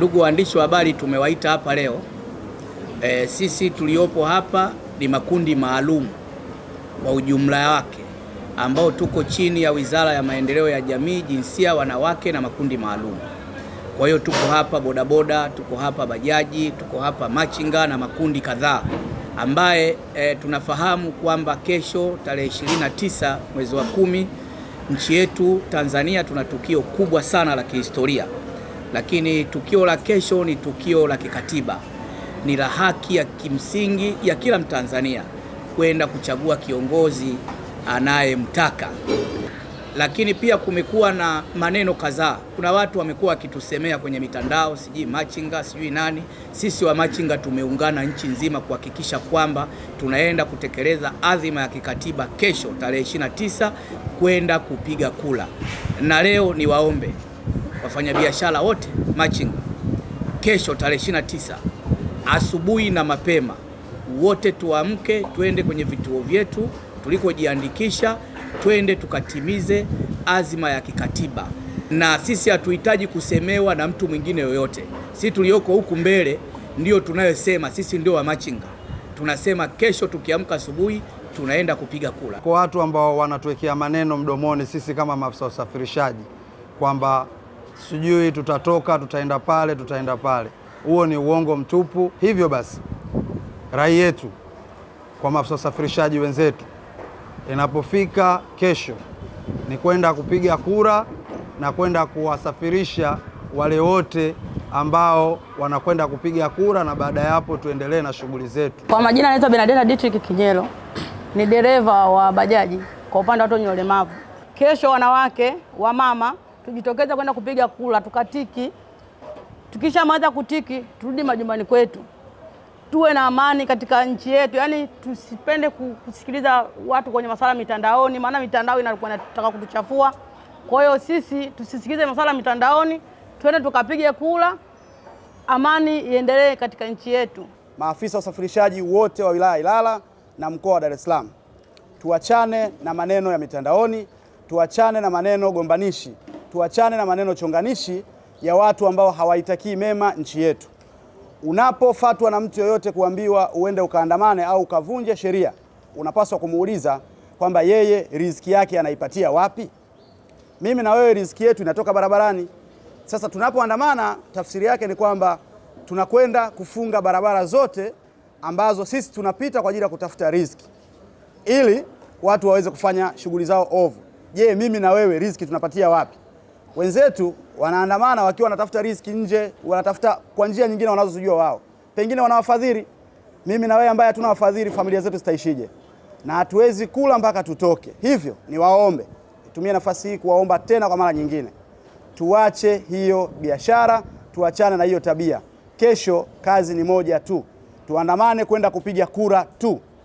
Ndugu waandishi wa habari, tumewaita hapa leo e, sisi tuliopo hapa ni makundi maalum kwa ujumla wake ambao tuko chini ya Wizara ya Maendeleo ya Jamii, Jinsia, Wanawake na Makundi Maalum. Kwa hiyo tuko hapa bodaboda, tuko hapa bajaji, tuko hapa machinga na makundi kadhaa ambaye e, tunafahamu kwamba kesho tarehe 29 mwezi wa kumi nchi yetu Tanzania tuna tukio kubwa sana la kihistoria lakini tukio la kesho ni tukio la kikatiba, ni la haki ya kimsingi ya kila Mtanzania kwenda kuchagua kiongozi anayemtaka. Lakini pia kumekuwa na maneno kadhaa, kuna watu wamekuwa wakitusemea kwenye mitandao, sijui machinga, sijui nani. Sisi wa machinga tumeungana nchi nzima kuhakikisha kwamba tunaenda kutekeleza adhima ya kikatiba kesho tarehe 29 kwenda kupiga kula, na leo niwaombe wafanyabiashara wote machinga, kesho tarehe 29 asubuhi na mapema, wote tuamke twende kwenye vituo vyetu tulikojiandikisha, twende tukatimize azima ya kikatiba, na sisi hatuhitaji kusemewa na mtu mwingine yoyote. Sisi tulioko huku mbele ndio tunayosema, sisi ndio wamachinga tunasema kesho tukiamka asubuhi tunaenda kupiga kura. Kwa watu ambao wanatuwekea maneno mdomoni, sisi kama maafisa usafirishaji kwamba sijui tutatoka, tutaenda pale, tutaenda pale. Huo ni uongo mtupu. Hivyo basi, rai yetu kwa maafisa usafirishaji wenzetu, inapofika kesho, ni kwenda kupiga kura na kwenda kuwasafirisha wale wote ambao wanakwenda kupiga kura, na baada ya hapo tuendelee na shughuli zetu. Kwa majina anaitwa Benadeta Dietrich Kinyelo, ni dereva wa bajaji kwa upande wa watu wenye ulemavu. Kesho wanawake, wamama tujitokeze kwenda kupiga kura, tukatiki. Tukishamaliza kutiki, turudi majumbani kwetu, tuwe na amani katika nchi yetu. yani tusipende kusikiliza watu kwenye masala mitandaoni, maana mitandao inakuwa inataka kutuchafua. Kwa hiyo sisi tusisikilize masala mitandaoni, twende tukapige kura, amani iendelee katika nchi yetu. Maafisa usafirishaji wote wa wilaya Ilala na mkoa wa Dar es Salaam, tuachane na maneno ya mitandaoni, tuachane na maneno gombanishi tuachane na maneno chonganishi ya watu ambao hawaitakii mema nchi yetu. Unapofatwa na mtu yoyote kuambiwa uende ukaandamane au ukavunje sheria, unapaswa kumuuliza kwamba yeye riziki yake anaipatia wapi? Mimi na wewe riziki yetu inatoka barabarani. Sasa tunapoandamana, tafsiri yake ni kwamba tunakwenda kufunga barabara zote ambazo sisi tunapita kwa ajili ya kutafuta riziki ili watu waweze kufanya shughuli zao ovu. Je, mimi na wewe riziki tunapatia wapi? wenzetu wanaandamana wakiwa wanatafuta riziki nje, wanatafuta kwa njia nyingine wanazozijua wao, pengine wanawafadhili. Mimi na wewe ambaye hatuna wafadhili, familia zetu zitaishije? Na hatuwezi kula mpaka tutoke. Hivyo niwaombe, nitumie nafasi hii kuwaomba tena kwa mara nyingine, tuache hiyo biashara, tuachane na hiyo tabia. Kesho kazi ni moja tu, tuandamane kwenda kupiga kura tu.